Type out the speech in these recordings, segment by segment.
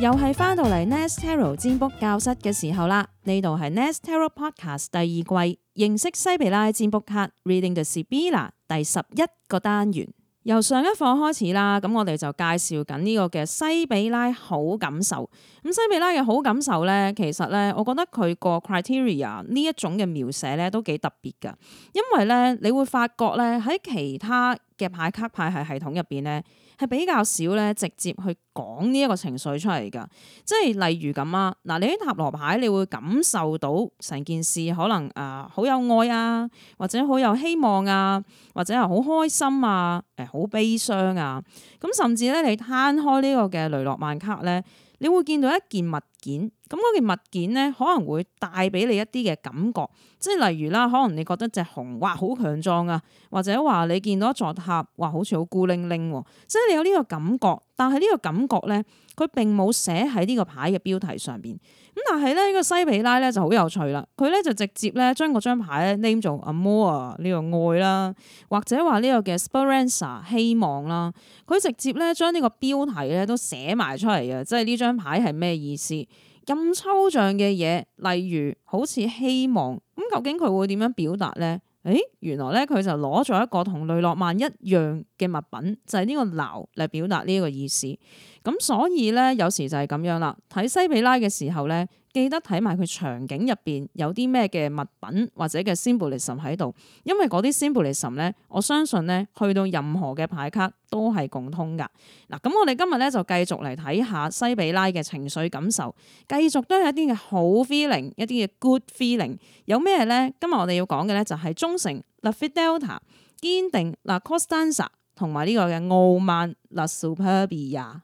又係翻到嚟 Nestero 佔卜教室嘅時候啦，呢度係 Nestero Podcast 第二季，認識西比拉佔卜卡 Reading the Sibila 第十一個單元，由上一課開始啦，咁我哋就介紹緊呢個嘅西比拉好感受。咁西比拉嘅好感受呢，其實呢，我覺得佢個 criteria 呢一種嘅描寫呢都幾特別㗎，因為呢，你會發覺呢，喺其他嘅牌卡牌系系統入邊呢。係比較少咧，直接去講呢一個情緒出嚟㗎，即係例如咁啊，嗱，你喺塔羅牌，你會感受到成件事可能啊呃、好有愛啊，或者好有希望啊，或者係好開心啊，誒、呃、好悲傷啊，咁甚至咧你攤開呢個嘅雷諾曼卡咧，你會見到一件物件。咁嗰件物件咧，可能會帶俾你一啲嘅感覺，即係例如啦，可能你覺得隻熊哇好強壯啊，或者話你見到座塔哇，好似好孤零零喎，即係你有呢個感覺。但係呢個感覺咧，佢並冇寫喺呢個牌嘅標題上邊。咁但係咧，呢個西比拉咧就好有趣啦。佢咧就直接咧將個張牌咧 name 做 Amour 呢個愛啦，或者話呢個嘅 Speranza 希望啦，佢直接咧將呢個標題咧都寫埋出嚟嘅，即係呢張牌係咩意思？咁抽象嘅嘢，例如好似希望咁，究竟佢會點樣表達咧？誒，原來咧佢就攞咗一個同雷諾曼一樣嘅物品，就係呢個牛嚟表達呢一個意思。咁所以咧有時就係咁樣啦，睇西比拉嘅時候咧。記得睇埋佢場景入邊有啲咩嘅物品或者嘅 symbolism 喺度，因為嗰啲 symbolism 咧，我相信咧去到任何嘅牌卡都係共通噶。嗱，咁我哋今日咧就繼續嚟睇下西比拉嘅情緒感受，繼續都係一啲嘅好 feeling，一啲嘅 good feeling。有咩咧？今日我哋要講嘅咧就係忠誠、la fidelta，堅定、嗱 costanza 同埋呢個嘅傲慢、la superbia。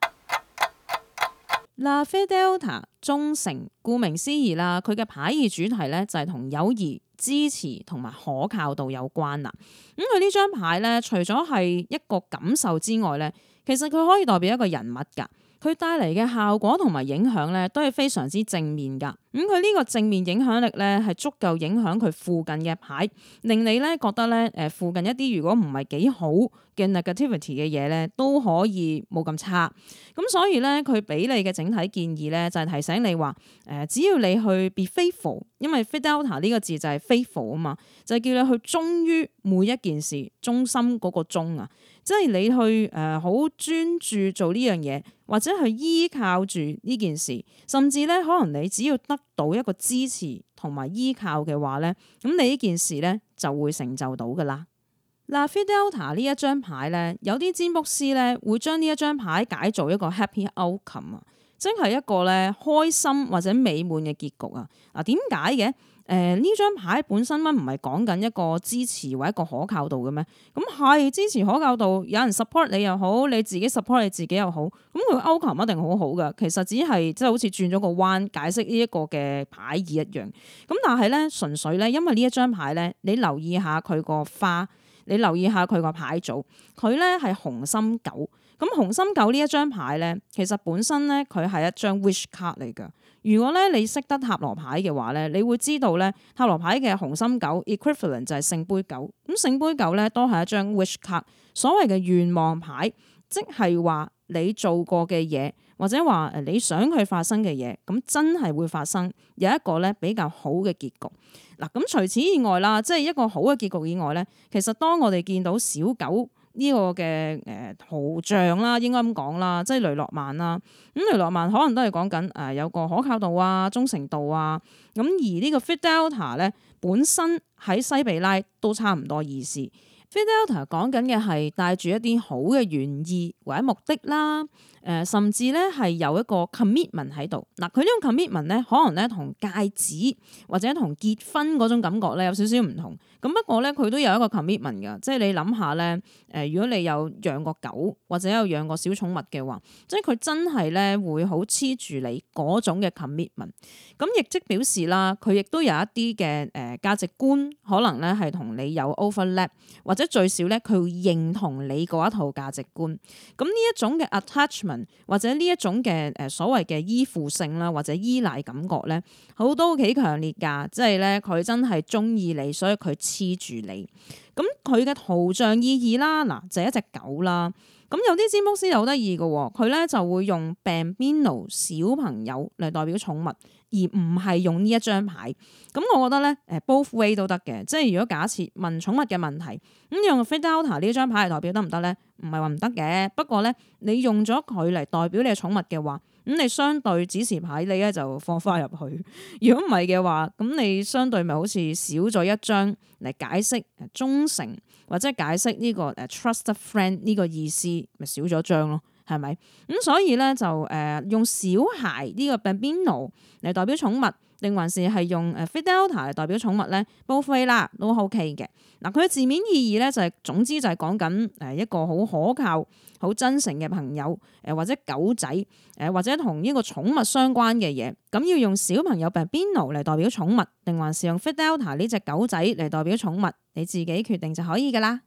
嗱，Fidelity 忠誠，顧名思義啦，佢嘅牌意主題咧就係同友誼、支持同埋可靠度有關啦。咁佢呢張牌咧，除咗係一個感受之外咧，其實佢可以代表一個人物㗎，佢帶嚟嘅效果同埋影響咧，都係非常之正面㗎。咁佢呢個正面影響力咧，係足夠影響佢附近嘅牌，令你咧覺得咧，誒附近一啲如果唔係幾好嘅 negativity 嘅嘢咧，都可以冇咁差。咁、嗯、所以咧，佢俾你嘅整體建議咧，就係、是、提醒你話，誒、呃，只要你去 be faithful，因為 fidelity 呢個字就係 faithful 啊嘛，就係、是、叫你去忠於每一件事，忠心嗰個忠啊，即係你去誒好、呃、專注做呢樣嘢，或者係依靠住呢件事，甚至咧可能你只要得到一個支持同埋依靠嘅話咧，咁你呢件事咧就會成就到噶啦。嗱，Fidelta 呢一張牌咧，有啲占卜師咧會將呢一張牌解做一個 happy outcome 啊，真係一個咧開心或者美滿嘅結局啊。嗱，點解嘅？誒呢張牌本身乜唔係講緊一個支持或一個可靠度嘅咩？咁、嗯、係支持可靠度，有人 support 你又好，你自己 support 你自己又好，咁佢個 outcome 一定好好嘅。其實只係即係好似轉咗個彎解釋呢一個嘅牌意一樣。咁、嗯、但係咧，純粹咧，因為呢一張牌咧，你留意下佢個花。你留意下佢個牌組，佢咧係紅心九。咁紅心九呢一張牌咧，其實本身咧佢係一張 wish 卡嚟噶。如果咧你識得塔羅牌嘅話咧，你會知道咧塔羅牌嘅紅心九 equivalent 就係聖杯九。咁聖杯九咧都係一張 wish 卡，所謂嘅願望牌，即係話你做過嘅嘢，或者話你想佢發生嘅嘢，咁真係會發生有一個咧比較好嘅結局。嗱，咁除此以外啦，即係一個好嘅結局以外咧，其實當我哋見到小狗呢個嘅誒圖像啦，應該咁講啦，即係雷諾曼啦，咁雷諾曼可能都係講緊誒有個可靠度啊、忠誠度啊。咁而呢個 fidelity 咧，本身喺西比拉都差唔多意思。fidelity 講緊嘅係帶住一啲好嘅原意或者目的啦。誒甚至咧係有一個 commitment 喺度，嗱佢呢種 commitment 咧，可能咧同戒指或者同結婚嗰種感覺咧有少少唔同，咁不過咧佢都有一個 commitment 㗎，即係你諗下咧，誒如果你有養過狗或者有養過小寵物嘅話，即係佢真係咧會好黐住你嗰種嘅 commitment，咁亦即表示啦，佢亦都有一啲嘅誒價值觀可能咧係同你有 overlap，或者最少咧佢會認同你嗰一套價值觀，咁呢一種嘅 attachment。或者呢一種嘅誒所謂嘅依附性啦，或者依賴感覺咧，好都幾強烈噶，即係咧佢真係中意你，所以佢黐住你。咁佢嘅圖像意義啦，嗱就係一隻狗啦。咁有啲占卜師就好得意嘅，佢咧就會用 Bambino 小朋友嚟代表寵物，而唔係用呢一張牌。咁我覺得咧，誒，both way 都得嘅。即係如果假設問寵物嘅問題，咁用 Fido 呢張牌嚟代表得唔得咧？唔係話唔得嘅。不過咧，你用咗佢嚟代表你嘅寵物嘅話，咁你相對指示牌你咧就放翻入去。如果唔係嘅話，咁你相對咪好似少咗一張嚟解釋忠誠。或者解釋呢個誒 trust friend 呢個意思，咪少咗章咯。係咪？咁、嗯、所以咧就誒、呃、用小孩呢個 Benigno 嚟代表寵物，定還是係用誒 Fidelity 嚟代表寵物咧？報廢啦都 OK 嘅。嗱、呃，佢嘅字面意義咧就係、是，總之就係講緊誒一個好可靠、好真誠嘅朋友，誒、呃、或者狗仔，誒、呃、或者同呢個寵物相關嘅嘢。咁、嗯、要用小朋友 Benigno 嚟代表寵物，定還是用 Fidelity 呢隻狗仔嚟代表寵物？你自己決定就可以噶啦。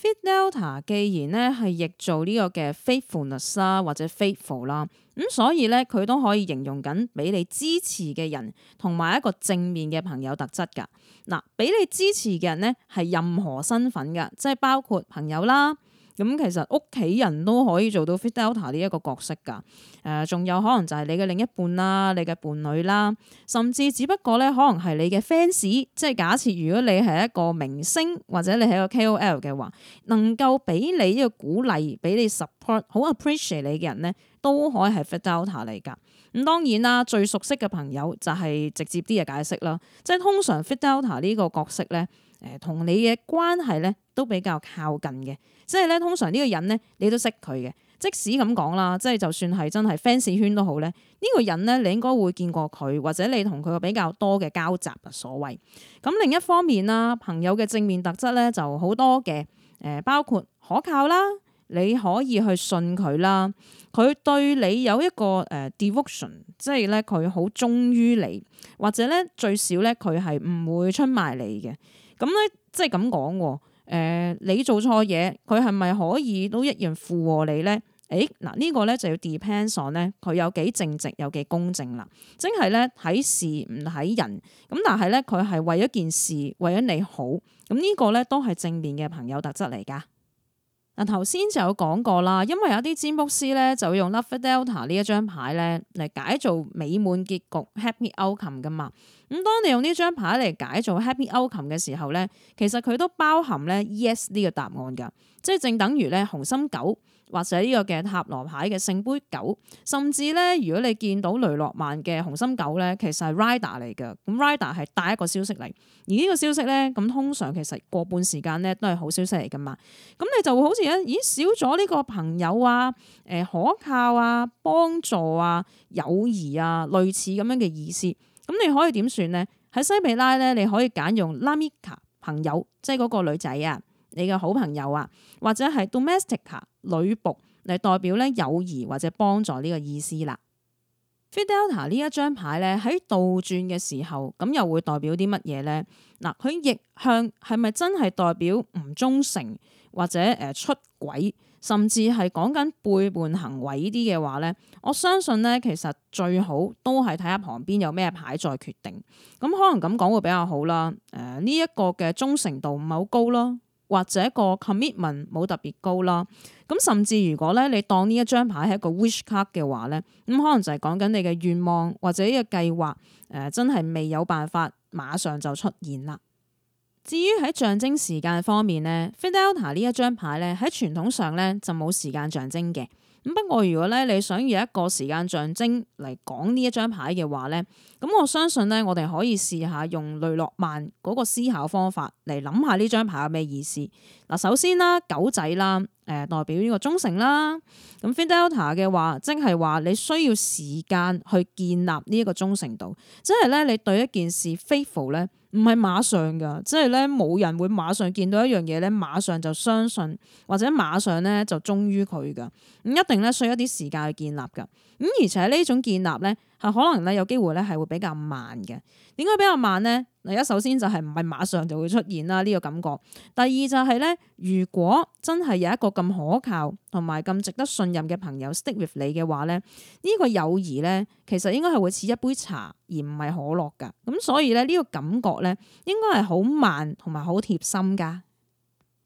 faithful 既然咧係譯做呢個嘅 faithfulness 啦或者 faithful 啦，咁所以咧佢都可以形容緊俾你支持嘅人同埋一個正面嘅朋友特質㗎。嗱，俾你支持嘅人咧係任何身份㗎，即係包括朋友啦。咁其實屋企人都可以做到 fidelity 呢一個角色㗎，呃，誒，仲有可能就係你嘅另一半啦、你嘅伴侶啦，甚至只不過咧，可能係你嘅 fans，即係假設如果你係一個明星或者你係一個 KOL 嘅話，能夠俾你呢個鼓勵、俾你 support、好 appreciate 你嘅人咧，都可以係 fidelity 嚟㗎。咁、嗯、當然啦，最熟悉嘅朋友就係直接啲嘅解釋啦，即係通常 fidelity 呢個角色咧。誒同你嘅關係咧都比較靠近嘅，即係咧通常呢個人咧你都識佢嘅，即使咁講啦，即係就算係真係 fans 圈都好咧，呢個人咧你應該會見過佢，或者你同佢比較多嘅交集啊。所謂咁另一方面啦，朋友嘅正面特質咧就好多嘅，誒包括可靠啦，你可以去信佢啦，佢對你有一個誒、uh, devotion，即係咧佢好忠於你，或者咧最少咧佢係唔會出賣你嘅。咁咧，即係咁講，誒、呃，你做錯嘢，佢係咪可以都一樣附和你咧？誒，嗱，呢個咧就要 depends on 咧，佢有幾正直，有幾公正啦。即係咧睇事唔睇人，咁但係咧佢係為咗件事為咗你好，咁、這、呢個咧都係正面嘅朋友特質嚟噶。嗱，頭先就有講過啦，因為有啲占卜師咧就會用 Love Delta 呢一張牌咧嚟解造美滿結局 Happy Outcome 㗎嘛。咁當你用呢張牌嚟解造 Happy Outcome 嘅時候咧，其實佢都包含咧 Yes 呢個答案㗎，即係正等於咧紅心九。或者呢個嘅塔羅牌嘅聖杯九，甚至咧，如果你見到雷諾曼嘅紅心九咧，其實係 Rider 嚟嘅。咁 Rider 係帶一個消息嚟，而呢個消息咧，咁通常其實過半時間咧都係好消息嚟㗎嘛。咁你就會好似咧，咦少咗呢個朋友啊，誒、呃、可靠啊，幫助啊，友誼啊，類似咁樣嘅意思。咁你可以點算咧？喺西比拉咧，你可以揀用 Lamika 朋友，即係嗰個女仔啊。你嘅好朋友啊，或者係 domestica 女僕嚟代表咧，友誼或者幫助呢個意思啦。Fidelity 呢一張牌咧喺倒轉嘅時候，咁又會代表啲乜嘢咧？嗱，佢逆向係咪真係代表唔忠誠或者誒、呃、出軌，甚至係講緊背叛行為呢啲嘅話咧？我相信咧，其實最好都係睇下旁邊有咩牌再決定。咁、嗯、可能咁講會比較好啦。誒、呃，呢、這、一個嘅忠誠度唔係好高咯。或者個 commitment 冇特別高啦，咁甚至如果咧你當呢一張牌係一個 wish card 嘅話咧，咁可能就係講緊你嘅願望或者你嘅計劃，誒、呃、真係未有辦法馬上就出現啦。至於喺象徵時間方面咧，faithful 呢一張牌咧喺傳統上咧就冇時間象徵嘅。咁不過，如果咧你想用一個時間象徵嚟講呢一張牌嘅話咧，咁我相信咧，我哋可以試下用雷諾曼嗰個思考方法嚟諗下呢張牌係咩意思。嗱，首先啦，狗仔啦，誒、呃、代表呢個忠誠啦。咁 Fidelity 嘅話，即係話你需要時間去建立呢一個忠誠度，即係咧你對一件事 faithful 咧。唔係馬上噶，即係咧冇人會馬上見到一樣嘢咧，馬上就相信或者馬上咧就忠於佢噶。唔一定咧需要一啲時間去建立噶。咁而且呢種建立咧，係可能咧有機會咧係會比較慢嘅。點解比較慢咧？嗱，一首先就係唔係馬上就會出現啦呢個感覺。第二就係咧，如果真係有一個咁可靠同埋咁值得信任嘅朋友 stick with 你嘅話咧，呢個友誼咧其實應該係會似一杯茶而唔係可樂㗎。咁所以咧呢個感覺咧應該係好慢同埋好貼心㗎。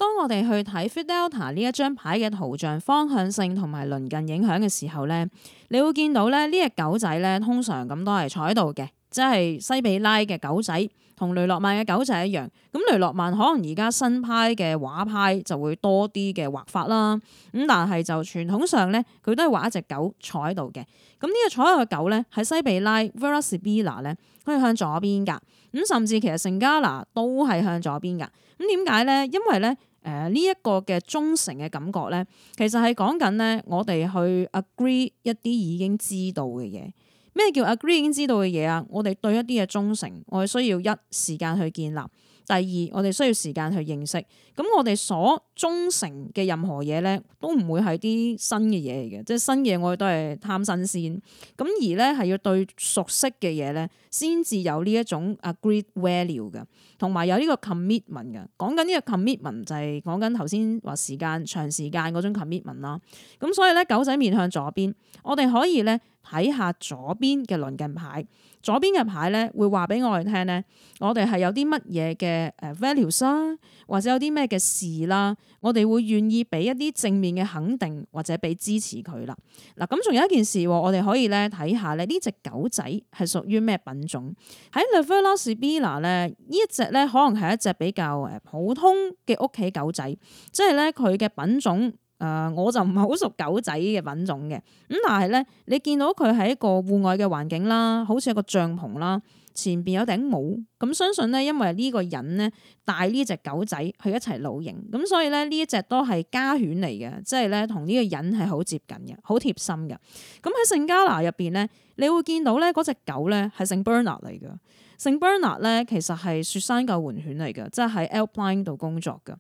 當我哋去睇 Fidelta 呢一張牌嘅圖像方向性同埋鄰近影響嘅時候咧，你會見到咧呢隻狗仔咧通常咁都係坐喺度嘅，即係西比拉嘅狗仔同雷諾曼嘅狗仔一樣。咁雷諾曼可能而家新派嘅畫派就會多啲嘅畫法啦。咁但係就傳統上咧，佢都係畫一隻狗坐喺度嘅。咁呢隻坐喺度嘅狗咧，喺西比拉 Vera Sibila 咧，佢係向左邊噶。咁甚至其實聖加拿都係向左邊噶。咁點解咧？因為咧。誒呢一個嘅忠誠嘅感覺咧，其實係講緊咧，我哋去 agree 一啲已經知道嘅嘢。咩叫 agree 已經知道嘅嘢啊？我哋對一啲嘅忠誠，我哋需要一時間去建立。第二，我哋需要時間去認識。咁我哋所忠誠嘅任何嘢咧，都唔會係啲新嘅嘢嚟嘅，即係新嘢我哋都係貪新鮮。咁而咧係要對熟悉嘅嘢咧，先至有呢一種 agreed value 嘅，同埋有呢個 commitment 嘅。講緊呢個 commitment 就係講緊頭先話時間長時間嗰種 commitment 啦。咁所以咧狗仔面向咗邊，我哋可以咧。睇下左邊嘅鄰近牌，左邊嘅牌咧會話俾我哋聽咧，我哋係有啲乜嘢嘅誒 values 啦，或者有啲咩嘅事啦，我哋會願意俾一啲正面嘅肯定或者俾支持佢啦。嗱，咁仲有一件事，我哋可以咧睇下咧，呢隻狗仔係屬於咩品種？喺 Loveros Bila 咧，呢隻咧可能係一隻比較誒普通嘅屋企狗仔，即係咧佢嘅品種。誒、呃，我就唔係好熟狗仔嘅品種嘅，咁，但係咧，你見到佢喺一個戶外嘅環境啦，好似一個帳篷啦。前邊有頂帽咁，相信咧，因為呢個人咧帶呢隻狗仔去一齊露營，咁所以咧呢一隻都係家犬嚟嘅，即係咧同呢個人係好接近嘅，好貼心嘅。咁喺聖加拿入邊咧，你會見到咧嗰隻狗咧係聖 Bernard 嚟嘅，聖 Bernard 咧其實係雪山救援犬嚟嘅，即係喺 Alpine 度工作嘅。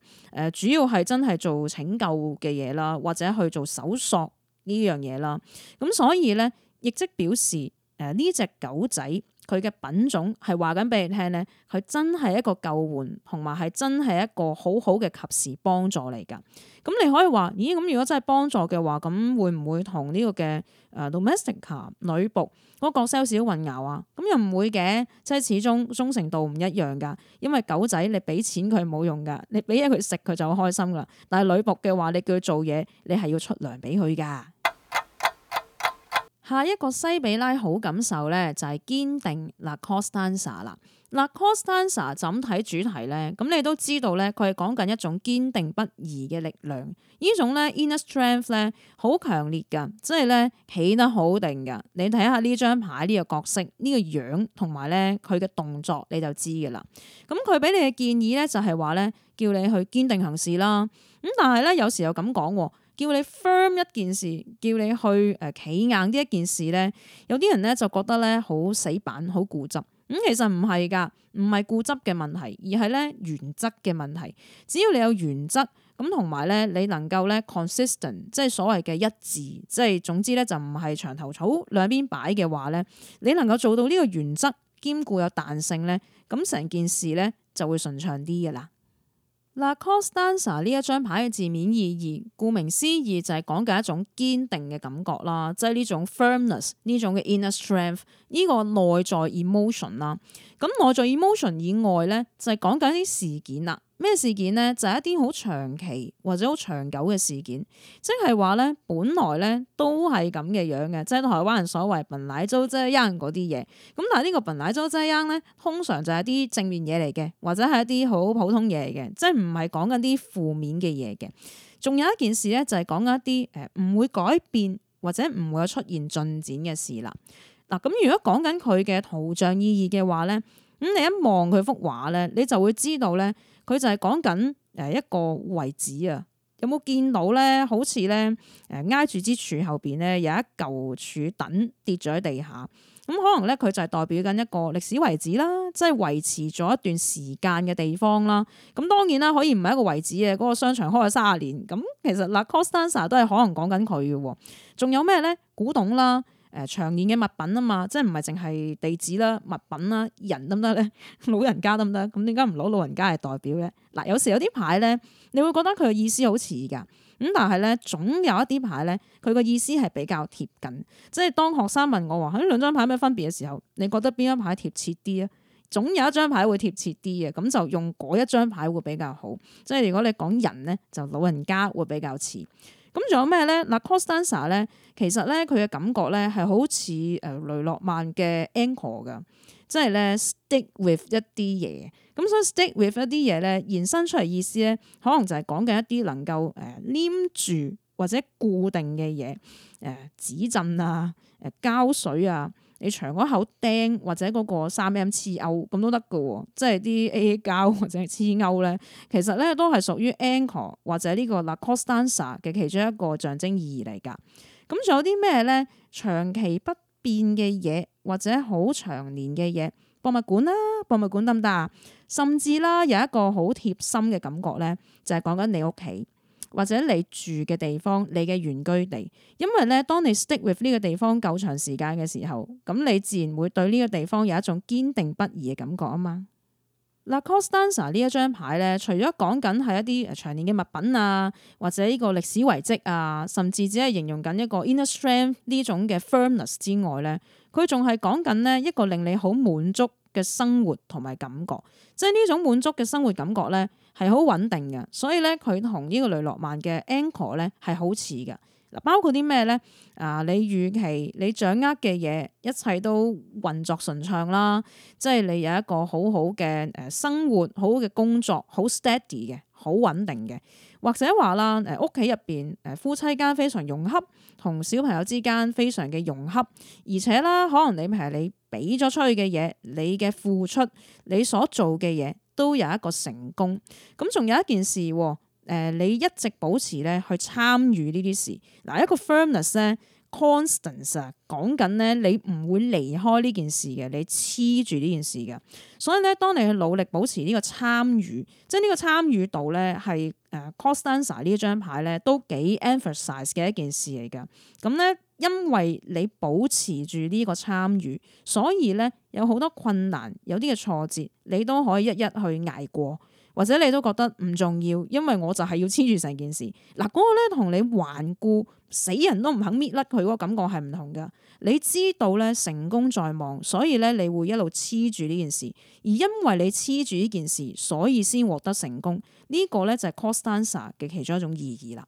誒，主要係真係做拯救嘅嘢啦，或者去做搜索呢樣嘢啦。咁所以咧亦即表示誒呢隻狗仔。佢嘅品種係話緊俾你聽咧，佢真係一個救援同埋係真係一個好好嘅及時幫助嚟噶。咁你可以話，咦？咁如果真係幫助嘅話，咁會唔會同呢、這個嘅誒、呃、domestic 女僕嗰個 sales 混淆啊？咁又唔會嘅，即係始終忠誠度唔一樣噶。因為狗仔你俾錢佢冇用噶，你俾嘢佢食佢就會開心噶。但係女僕嘅話，你叫佢做嘢，你係要出糧俾佢噶。下一個西比拉好感受咧，就係堅定嗱 Costanza 啦，嗱 Costanza 整體主題咧，咁你都知道咧，佢係講緊一種堅定不移嘅力量，呢種咧 inner strength 咧，好強烈噶，即係咧起得好定噶。你睇下呢張牌呢個角色呢，呢個樣同埋咧佢嘅動作，你就知噶啦。咁佢俾你嘅建議咧，就係話咧，叫你去堅定行事啦。咁但係咧，有時又咁講。叫你 firm 一件事，叫你去誒、呃、企硬呢一件事咧，有啲人咧就覺得咧好死板，好固執，咁、嗯、其實唔係㗎，唔係固執嘅問題，而係咧原則嘅問題，只要你有原則，咁同埋咧你能夠咧 consistent，即係所謂嘅一致，即係總之咧就唔係牆頭草兩邊擺嘅話咧，你能夠做到呢個原則兼顧有彈性咧，咁成件事咧就會順暢啲嘅啦。嗱 Costanza 呢一張牌嘅字面意義，顧名思義就係講緊一種堅定嘅感覺啦，即係呢種 firmness，呢種嘅 inner strength，呢個內在 emotion 啦。咁內在 emotion 以外咧，就係、是、講緊啲事件啦。咩事件咧？就係、是、一啲好長期或者好長久嘅事件，即係話咧，本來咧都係咁嘅樣嘅，即係台灣人所謂本來就醬嗰啲嘢。咁但係呢個本來就醬咧，通常就係啲正面嘢嚟嘅，或者係一啲好普通嘢嘅，即係唔係講緊啲負面嘅嘢嘅。仲有一件事咧，就係講緊一啲誒唔會改變或者唔會有出現進展嘅事啦。嗱咁如果講緊佢嘅圖像意義嘅話咧，咁你一望佢幅畫咧，你就會知道咧。佢就係講緊誒一個遺址啊，有冇見到咧？好似咧誒挨住支柱後邊咧有一嚿柱墩跌咗喺地下，咁可能咧佢就係代表緊一個歷史遺址啦，即係維持咗一段時間嘅地方啦。咁當然啦，可以唔係一個遺址嘅。嗰個商場開咗三十年，咁其實嗱 Costanza 都係可能講緊佢嘅喎。仲有咩咧？古董啦。誒、呃、長遠嘅物品啊嘛，即係唔係淨係地址啦、物品啦、人得唔得咧，老人家得唔得？咁點解唔攞老人家嚟代表咧？嗱、呃，有時有啲牌咧，你會覺得佢嘅意思好似㗎，咁但係咧，總有一啲牌咧，佢嘅意思係比較貼近。即係當學生問我話，誒、啊、兩張牌有咩分別嘅時候，你覺得邊張牌貼切啲啊？總有一張牌會貼切啲嘅，咁就用嗰一張牌會比較好。即係如果你講人咧，就老人家會比較似。咁仲有咩咧？嗱，Costanza 咧，其實咧佢嘅感覺咧係好似誒雷諾曼嘅 anchor 㗎，即係咧 stick with 一啲嘢。咁所以 stick with 一啲嘢咧，延伸出嚟意思咧，可能就係講緊一啲能夠誒黏住或者固定嘅嘢，誒指針啊，誒膠水啊。你長嗰口釘或者嗰個三 M 黐鈎咁都得嘅喎，即係啲 A A 膠或者係黐鈎咧，其實呢都係屬於 Anchor 或者呢個 La Costanza 嘅其中一個象徵意義嚟㗎。咁仲有啲咩呢？長期不變嘅嘢或者好長年嘅嘢，博物館啦，博物館得唔得啊？甚至啦，有一個好貼心嘅感覺呢，就係講緊你屋企。或者你住嘅地方，你嘅原居地，因為咧，當你 stick with 呢個地方夠長時間嘅時候，咁你自然會對呢個地方有一種堅定不移嘅感覺啊嘛。嗱，Costanza 呢一張牌咧，除咗講緊係一啲誒，長年嘅物品啊，或者呢個歷史遺跡啊，甚至只係形容緊一個 inner strength 呢種嘅 firmness 之外咧，佢仲係講緊咧一個令你好滿足。嘅生活同埋感覺，即係呢種滿足嘅生活感覺咧，係好穩定嘅。所以咧，佢同呢個雷諾曼嘅 anchor 咧係好似嘅。嗱，包括啲咩咧？啊、呃，你預期你掌握嘅嘢，一切都運作順暢啦。即係你有一個好好嘅誒生活，好好嘅工作，好 steady 嘅，好穩定嘅。或者話啦，誒屋企入邊誒、呃、夫妻間非常融洽，同小朋友之間非常嘅融洽，而且啦，可能你譬如你。俾咗出去嘅嘢，你嘅付出，你所做嘅嘢，都有一個成功。咁仲有一件事，誒、呃，你一直保持咧去參與呢啲事，嗱，一個 firmness 咧。Constant 啊，講緊咧，你唔會離開呢件事嘅，你黐住呢件事嘅，所以咧，當你去努力保持呢個參與，即係呢個參與度咧，係誒 Constant 呢一張牌咧，都幾 emphasize 嘅一件事嚟㗎。咁咧，因為你保持住呢個參與，所以咧，有好多困難，有啲嘅挫折，你都可以一一去捱過。或者你都覺得唔重要，因為我就係要黐住成件事。嗱、那個，嗰個咧同你頑固死人都唔肯搣甩佢嗰個感覺係唔同噶。你知道咧成功在望，所以咧你會一路黐住呢件事，而因為你黐住呢件事，所以先獲得成功。這個、呢個咧就係、是、Constantia 嘅其中一種意義啦。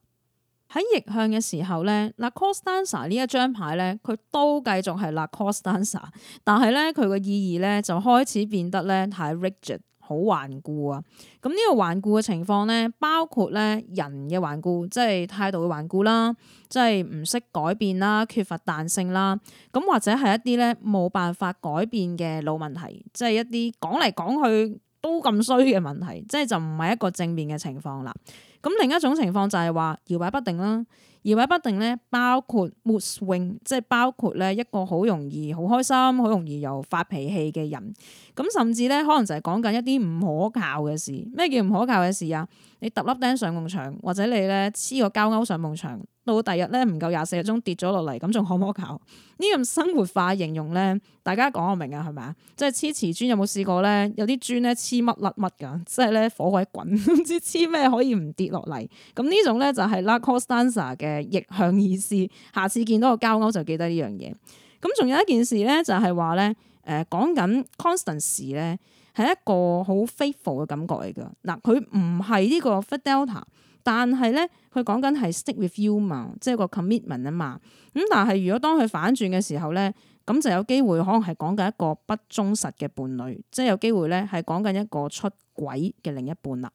喺逆向嘅時候咧，嗱 Constantia 呢一張牌咧，佢都繼續係立 Constantia，但係咧佢嘅意義咧就開始變得咧太 rigid。好頑固啊！咁呢個頑固嘅情況咧，包括咧人嘅頑固，即係態度嘅頑固啦，即係唔識改變啦，缺乏彈性啦，咁或者係一啲咧冇辦法改變嘅老問題，即係一啲講嚟講去。都咁衰嘅問題，即係就唔係一個正面嘅情況啦。咁另一種情況就係話搖擺不定啦。搖擺不定咧，包括 mood swing，即係包括咧一個好容易、好開心、好容易又發脾氣嘅人。咁甚至咧，可能就係講緊一啲唔可靠嘅事。咩叫唔可靠嘅事啊？你揼粒釘上夢牆，或者你咧黐個膠鈎上夢牆。到第日咧唔夠廿四個鐘跌咗落嚟，咁仲可唔可靠？呢樣生活化形容咧，大家講我明啊，係咪啊？即係黐瓷磚有冇試過咧？有啲磚咧黐乜甩乜㗎，即係咧火鬼滾，唔知黐咩可以唔跌落嚟？咁呢種咧就係 La Costanza 嘅逆向意思。下次見到個膠鈎就記得呢樣嘢。咁仲有一件事咧，就係話咧，誒講緊 constance 咧係一個好 faithful 嘅感覺嚟㗎。嗱，佢唔係呢個 fidelity。但係咧，佢講緊係 stick with you 嘛，即係個 commitment 啊嘛。咁但係如果當佢反轉嘅時候咧，咁就有機會可能係講緊一個不忠實嘅伴侶，即係有機會咧係講緊一個出軌嘅另一半啦。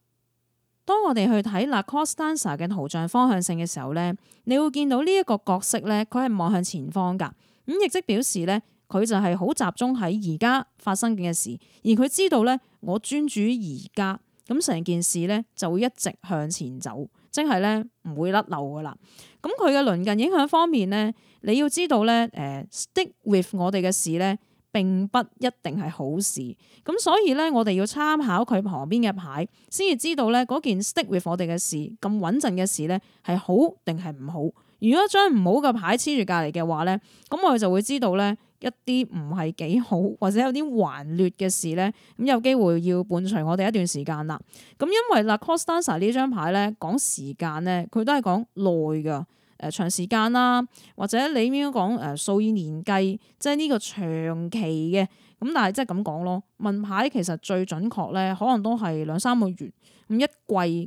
當我哋去睇啦 Costanza 嘅圖像方向性嘅時候咧，你會見到呢一個角色咧，佢係望向前方㗎。咁亦即表示咧，佢就係好集中喺而家發生緊嘅事，而佢知道咧，我專注於而家。咁成件事咧就會一直向前走，即係咧唔會甩漏㗎喇。咁佢嘅鄰近影響方面咧，你要知道咧，誒、呃、stick with 我哋嘅事咧並不一定係好事。咁所以咧，我哋要參考佢旁邊嘅牌，先至知道咧嗰件 stick with 我哋嘅事咁穩陣嘅事咧係好定係唔好。如果將唔好嘅牌黐住隔籬嘅話咧，咁我哋就會知道咧。一啲唔係幾好，或者有啲頑劣嘅事咧，咁有機會要伴隨我哋一段時間啦。咁因為嗱 Cross Dancer 呢張牌咧講時間咧，佢都係講耐㗎，誒長時間啦，或者你應該講誒、呃、數以年計，即係呢個長期嘅。咁但係即係咁講咯，問牌其實最準確咧，可能都係兩三個月，咁一季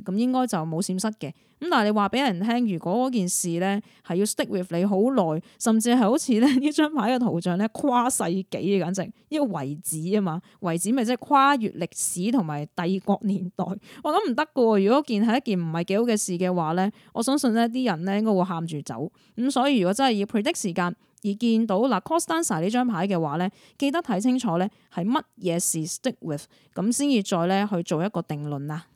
咁應該就冇閃失嘅。咁但係你話俾人聽，如果嗰件事咧係要 stick with 你好耐，甚至係好似咧呢張牌嘅圖像咧跨世紀，簡直一個遺址啊嘛，遺址咪即係跨越歷史同埋帝國年代，我諗唔得噶。如果件係一件唔係幾好嘅事嘅話咧，我相信咧啲人咧應該會喊住走。咁、嗯、所以如果真係要 predict 時間而見到嗱 Constancy 呢張牌嘅話咧，記得睇清楚咧係乜嘢事 stick with，咁先至再咧去做一個定論啦。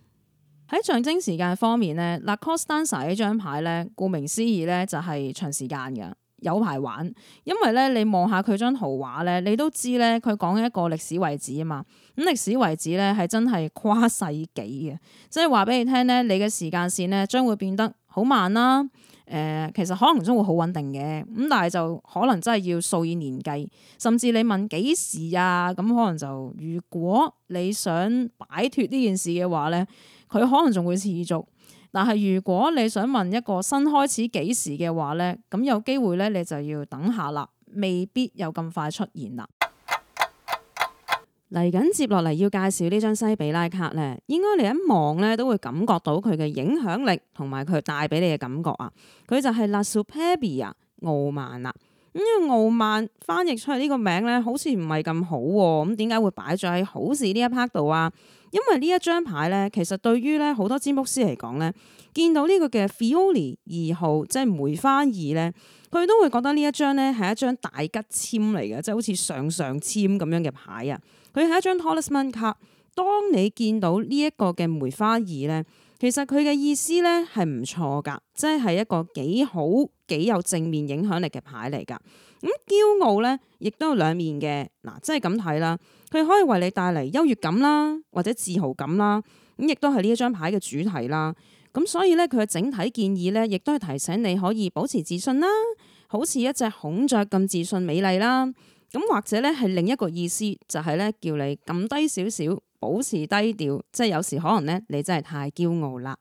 喺象徵時間方面咧，嗱，La Costanza 呢張牌咧，顧名思義咧就係長時間嘅，有排玩。因為咧，你望下佢張圖畫咧，你都知咧佢講一個歷史位置啊嘛。咁歷史位置咧係真係跨世紀嘅，即係話俾你聽咧，你嘅時間線咧，將會變得好慢啦。誒、呃，其實可能將會好穩定嘅，咁但係就可能真係要數以年計，甚至你問幾時啊？咁可能就如果你想擺脫呢件事嘅話咧。佢可能仲會持續，但係如果你想問一個新開始幾時嘅話呢，咁有機會呢，你就要等下啦，未必有咁快出現啦。嚟緊接落嚟要介紹呢張西比拉卡呢，應該你一望呢，都會感覺到佢嘅影響力同埋佢帶俾你嘅感覺啊！佢就係 La Superbia 傲慢啦。咁呢個傲慢翻譯出嚟呢個名咧，好似唔係咁好喎。咁點解會擺咗喺好事呢一 part 度啊？因為呢一張牌咧，其實對於咧好多占卜師嚟講咧，見到呢個嘅 Fiori 二號，即係梅花二咧，佢都會覺得呢一張咧係一張大吉簽嚟嘅，即係好似上上簽咁樣嘅牌啊。佢係一張 Talisman 卡，當你見到呢一個嘅梅花二咧，其實佢嘅意思咧係唔錯噶，即係係一個幾好。幾有正面影響力嘅牌嚟噶，咁驕傲咧，亦都有兩面嘅。嗱，即係咁睇啦，佢可以為你帶嚟優越感啦，或者自豪感啦，咁亦都係呢一張牌嘅主題啦，咁所以咧，佢嘅整體建議咧，亦都係提醒你可以保持自信啦，好似一隻孔雀咁自信美麗啦，咁或者咧係另一個意思，就係、是、咧叫你撳低少少，保持低調，即係有時可能咧，你真係太驕傲啦。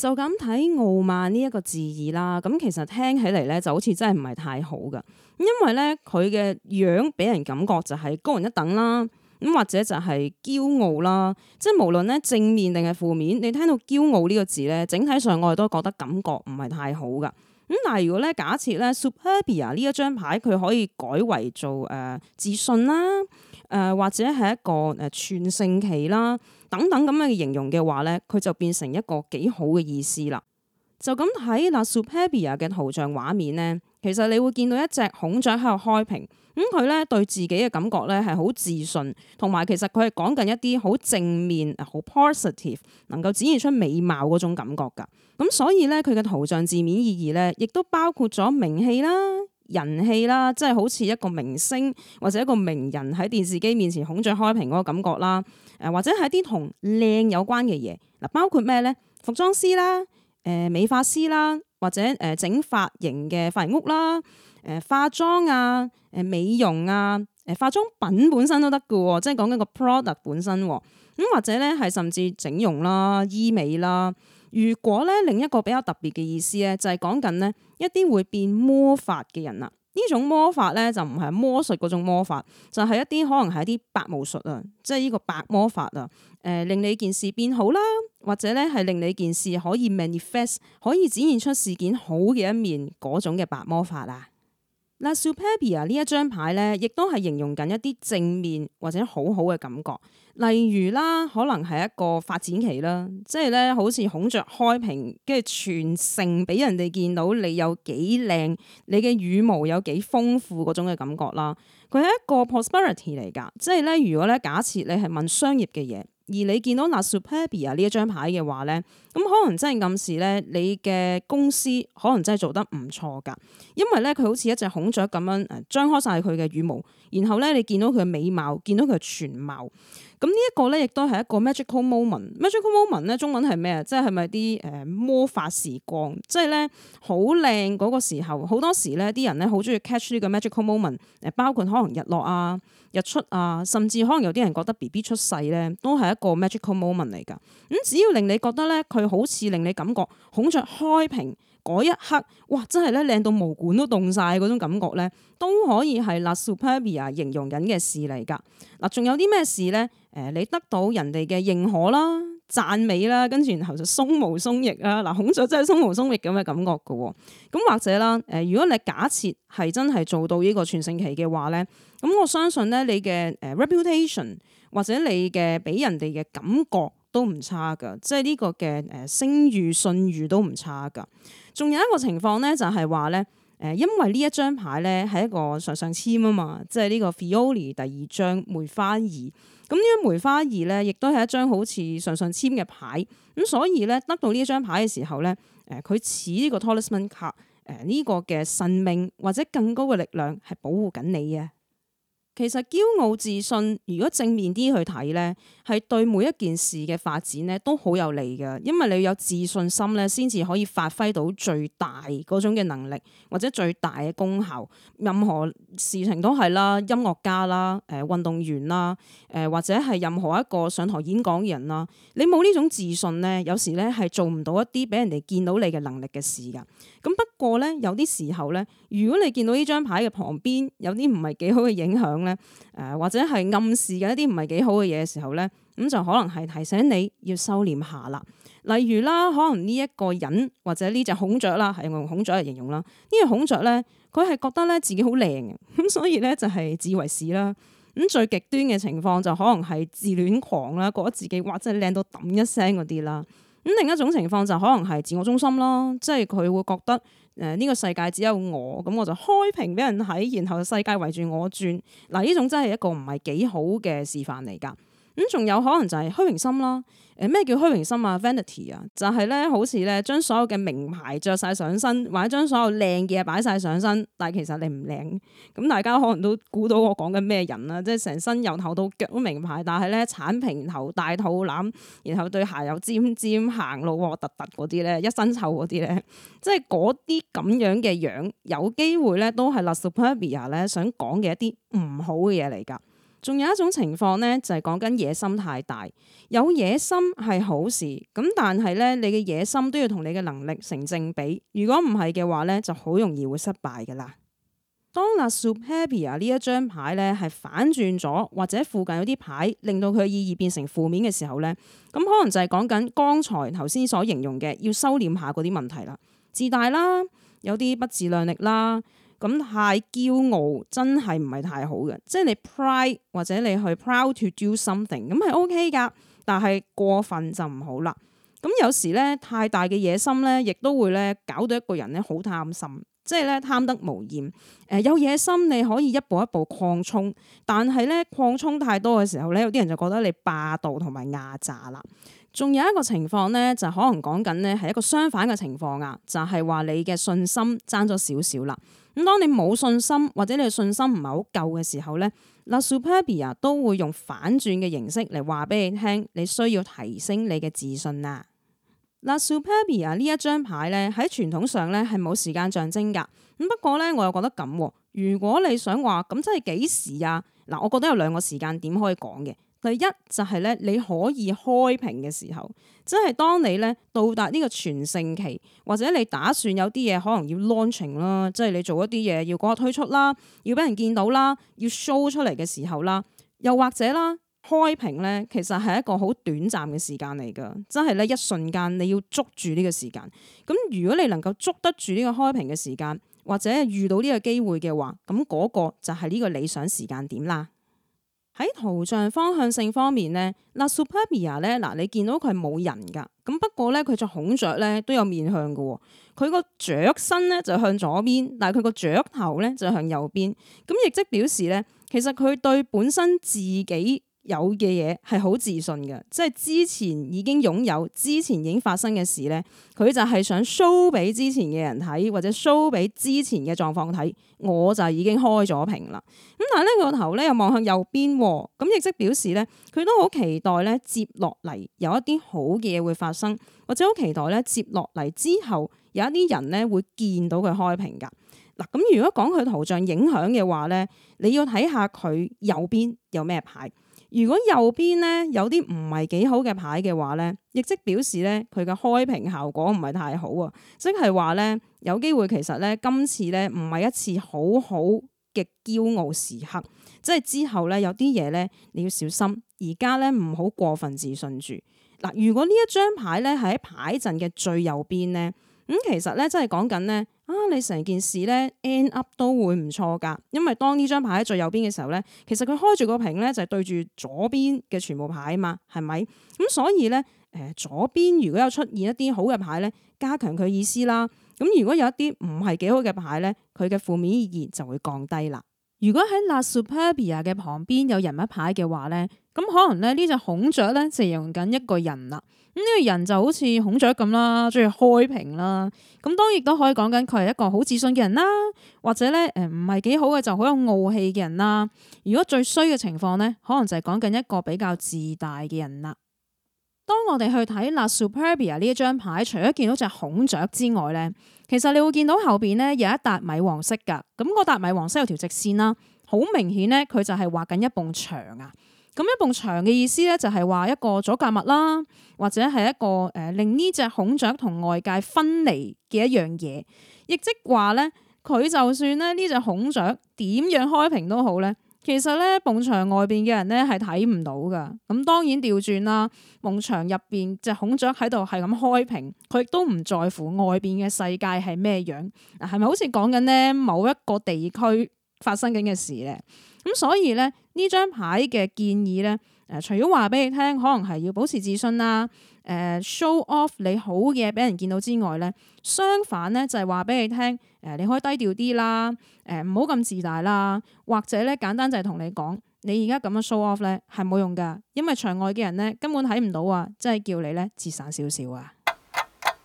就咁睇傲慢呢一個字意啦，咁其實聽起嚟咧就好似真係唔係太好噶，因為咧佢嘅樣俾人感覺就係高人一等啦，咁或者就係驕傲啦，即係無論咧正面定係負面，你聽到驕傲呢個字咧，整體上我哋都覺得感覺唔係太好噶。咁但係如果咧假設咧 Superbia 呢一張牌佢可以改為做誒自信啦。誒、呃、或者係一個誒全盛期啦，等等咁嘅形容嘅話咧，佢就變成一個幾好嘅意思啦。就咁睇嗱，Superbia 嘅圖像畫面咧，其實你會見到一隻孔雀喺度開屏，咁佢咧對自己嘅感覺咧係好自信，同埋其實佢係講緊一啲好正面、好 positive，能夠展現出美貌嗰種感覺噶。咁、嗯、所以咧，佢嘅圖像字面意義咧，亦都包括咗名氣啦。人氣啦，即係好似一個明星或者一個名人喺電視機面前孔雀開屏嗰個感覺啦，誒或者係啲同靚有關嘅嘢，嗱包括咩咧？服裝師啦，誒美髮師啦，或者誒整髮型嘅髮型屋啦，誒化妝啊，誒美容啊，誒化妝品本身都得㗎喎，即係講緊個 product 本身，咁或者咧係甚至整容啦、醫美啦。如果咧另一個比較特別嘅意思咧，就係講緊咧。一啲會變魔法嘅人啊，呢種魔法咧就唔係魔術嗰種魔法，就係、是、一啲可能係一啲白巫術啊，即係呢個白魔法啊，誒、呃、令你件事變好啦，或者咧係令你件事可以 manifest 可以展現出事件好嘅一面嗰種嘅白魔法啦。嗱，Superbia 呢一張牌咧，亦都係形容緊一啲正面或者好好嘅感覺，例如啦，可能係一個發展期啦，即係咧，好似孔雀開屏，跟住全盛俾人哋見到你有幾靚，你嘅羽毛有幾豐富嗰種嘅感覺啦。佢係一個 Prosperity 嚟㗎，即係咧，如果咧假設你係問商業嘅嘢，而你見到嗱 Superbia 呢一張牌嘅話咧。咁可能真係暗示咧，你嘅公司可能真係做得唔錯噶，因為咧佢好似一隻孔雀咁樣誒張開曬佢嘅羽毛，然後咧你見到佢嘅美貌，見到佢嘅全貌，咁呢一個咧亦都係一個 magical moment。magical moment 咧中文係咩？啊，即係係咪啲誒魔法時光？即係咧好靚嗰個時候，好多時咧啲人咧好中意 catch 呢個 magical moment。誒包括可能日落啊、日出啊，甚至可能有啲人覺得 B B 出世咧都係一個 magical moment 嚟噶。咁只要令你覺得咧佢。佢好似令你感覺孔雀開屏嗰一刻，哇！真係咧靚到毛管都凍晒嗰種感覺咧，都可以係嗱 superb 啊形容緊嘅事嚟噶。嗱，仲有啲咩事咧？誒，你得到人哋嘅認可啦、讚美啦，跟住然後就鬆毛鬆翼啦。嗱，孔雀真係鬆毛鬆翼咁嘅感覺噶。咁或者啦，誒，如果你假設係真係做到呢個全盛期嘅話咧，咁我相信咧你嘅誒 reputation 或者你嘅俾人哋嘅感覺。都唔差噶，即係呢個嘅誒聲譽信譽都唔差噶。仲有一個情況咧，就係話咧誒，因為呢一張牌咧係一個上上簽啊嘛，即係呢個 Fiori 第二張梅花二。咁呢張梅花二咧，亦都係一張好似上上簽嘅牌。咁所以咧，得到呢一張牌嘅時候咧，誒佢似呢個 Talisman 卡，誒呢個嘅神明或者更高嘅力量係保護緊你嘅。其實驕傲自信，如果正面啲去睇咧，係對每一件事嘅發展咧都好有利嘅，因為你有自信心咧，先至可以發揮到最大嗰種嘅能力或者最大嘅功效。任何事情都係啦，音樂家啦，誒運動員啦，誒或者係任何一個上台演講嘅人啦，你冇呢種自信咧，有時咧係做唔到一啲俾人哋見到你嘅能力嘅事㗎。咁不過咧，有啲時候咧，如果你見到呢張牌嘅旁邊有啲唔係幾好嘅影響咧，誒或者係暗示緊一啲唔係幾好嘅嘢嘅時候咧，咁就可能係提醒你要收斂下啦。例如啦，可能呢一個人或者呢隻孔雀啦，係用孔雀嚟形容啦。呢隻孔雀咧，佢係覺得咧自己好靚嘅，咁所以咧就係自以為是啦。咁最極端嘅情況就可能係自戀狂啦，覺得自己哇真係靚到噔一聲嗰啲啦。咁另一種情況就可能係自我中心咯，即係佢會覺得誒呢個世界只有我，咁我就開屏俾人睇，然後世界圍住我轉。嗱，呢種真係一個唔係幾好嘅示範嚟㗎。咁仲有可能就係虛榮心啦。誒、呃、咩叫虛榮心啊？Vanity 啊，就係、是、咧，好似咧，將所有嘅名牌着晒上身，或者將所有靚嘅嘢擺晒上身，但係其實你唔靚。咁大家可能都估到我講緊咩人啦，即係成身由頭到腳都名牌，但係咧，鏟平頭大肚腩，然後對鞋又尖尖，行路核突突嗰啲咧，一身臭嗰啲咧， 即係嗰啲咁樣嘅樣，有機會咧都係 luxury 咧想講嘅一啲唔好嘅嘢嚟噶。仲有一種情況咧，就係講緊野心太大。有野心係好事，咁但係咧，你嘅野心都要同你嘅能力成正比。如果唔係嘅話咧，就好容易會失敗嘅啦。當 t s u p h a p p i e 呢一張牌咧係反轉咗，或者附近有啲牌令到佢意義變成負面嘅時候咧，咁可能就係講緊剛才頭先所形容嘅，要收斂下嗰啲問題啦，自大啦，有啲不自量力啦。咁太驕傲真係唔係太好嘅，即係你 pride 或者你去 proud to do something 咁係 OK 㗎，但係過分就唔好啦。咁有時咧太大嘅野心咧，亦都會咧搞到一個人咧好貪心，即係咧貪得無厭。誒有野心你可以一步一步擴充，但係咧擴充太多嘅時候咧，有啲人就覺得你霸道同埋壓榨啦。仲有一個情況咧，就可能講緊咧，係一個相反嘅情況啊，就係話你嘅信心爭咗少少啦。咁當你冇信心或者你嘅信心唔係好夠嘅時候咧，嗱 Superbia 都會用反轉嘅形式嚟話俾你聽，你需要提升你嘅自信啊。嗱 Superbia 呢一張牌咧喺傳統上咧係冇時間象徵㗎。咁不過咧，我又覺得咁。如果你想話咁，真係幾時啊？嗱，我覺得有兩個時間點可以講嘅。第一就係咧，你可以開屏嘅時候，即係當你咧到達呢個全盛期，或者你打算有啲嘢可能要 launch 啦，即係你做一啲嘢要嗰個推出啦，要俾人見到啦，要 show 出嚟嘅時候啦，又或者啦，開屏咧其實係一個好短暫嘅時間嚟㗎，真係咧一瞬間你要捉住呢個時間。咁如果你能夠捉得住呢個開屏嘅時間，或者遇到呢個機會嘅話，咁、那、嗰個就係呢個理想時間點啦。喺圖像方向性方面咧，嗱 Superbia 咧，嗱你見到佢係冇人噶，咁不過咧佢隻孔雀咧都有面向㗎喎，佢個雀身咧就向左邊，但係佢個雀頭咧就向右邊，咁亦即表示咧，其實佢對本身自己有嘅嘢係好自信嘅，即係之前已經擁有，之前已經發生嘅事咧，佢就係想 show 俾之前嘅人睇，或者 show 俾之前嘅狀況睇。我就已經開咗屏啦。咁但係咧個頭咧又望向右邊，咁亦即表示咧佢都好期待咧接落嚟有一啲好嘅嘢會發生，或者好期待咧接落嚟之後有一啲人咧會見到佢開屏噶。嗱咁如果講佢圖像影響嘅話咧，你要睇下佢右邊有咩牌。如果右邊咧有啲唔係幾好嘅牌嘅話咧，亦即表示咧佢嘅開屏效果唔係太好啊，即係話咧有機會其實咧今次咧唔係一次好好嘅驕傲時刻，即係之後咧有啲嘢咧你要小心，而家咧唔好過分自信住嗱。如果呢一張牌咧係喺牌陣嘅最右邊咧。咁、嗯、其實咧，真係講緊咧，啊，你成件事咧，end up 都會唔錯噶，因為當呢張牌喺最右邊嘅時候咧，其實佢開住個屏咧就係、對住左邊嘅全部牌啊嘛，係咪？咁、嗯、所以咧，誒、呃，左邊如果有出現一啲好嘅牌咧，加強佢意思啦。咁如果有一啲唔係幾好嘅牌咧，佢嘅負面意義就會降低啦。如果喺 La Superbia 嘅旁邊有人物牌嘅話咧，咁可能咧呢隻孔雀咧就形容緊一個人啦。咁、這、呢個人就好似孔雀咁啦，中意開屏啦。咁當然都可以講緊佢係一個好自信嘅人啦，或者咧誒唔係幾好嘅就好有傲氣嘅人啦。如果最衰嘅情況咧，可能就係講緊一個比較自大嘅人啦。當我哋去睇那 superbia 呢一張牌，除咗見到隻孔雀之外咧，其實你會見到後邊咧有一笪米黃色㗎。咁、那個笪米黃色有條直線啦，好明顯咧，佢就係畫緊一縫牆啊。咁一縫牆嘅意思咧，就係話一個阻隔物啦，或者係一個誒令呢隻孔雀同外界分離嘅一樣嘢，亦即係話咧，佢就算咧呢隻孔雀點樣開屏都好咧。其實咧，幕牆外邊嘅人咧係睇唔到噶，咁當然調轉啦。幕牆入邊隻孔雀喺度係咁開屏，佢亦都唔在乎外邊嘅世界係咩樣。啊，係咪好似講緊咧某一個地區發生緊嘅事咧？咁所以咧呢張牌嘅建議咧，誒，除咗話俾你聽，可能係要保持自信啦。誒、呃、show off 你好嘅嘢俾人見到之外咧，相反咧就係話俾你聽，誒、呃、你可以低調啲啦，誒、唔好咁自大啦，或者咧簡單就係同你講，你而家咁樣 show off 咧係冇用噶，因為場外嘅人咧根本睇唔到啊，即係叫你咧節省少少啊。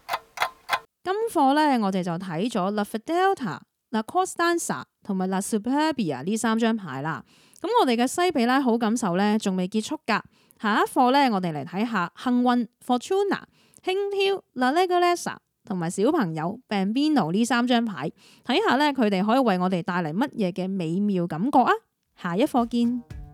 今課咧我哋就睇咗 La Fidelta、La Costanza 同埋 La Superbia 呢三張牌啦。咁、嗯、我哋嘅西比拉好感受咧仲未結束㗎。下一課咧，我哋嚟睇下幸運 Fortuna、輕佻 La Leggerezza 同埋小朋友 Bambino 呢三張牌，睇下咧佢哋可以為我哋帶嚟乜嘢嘅美妙感覺啊！下一課見。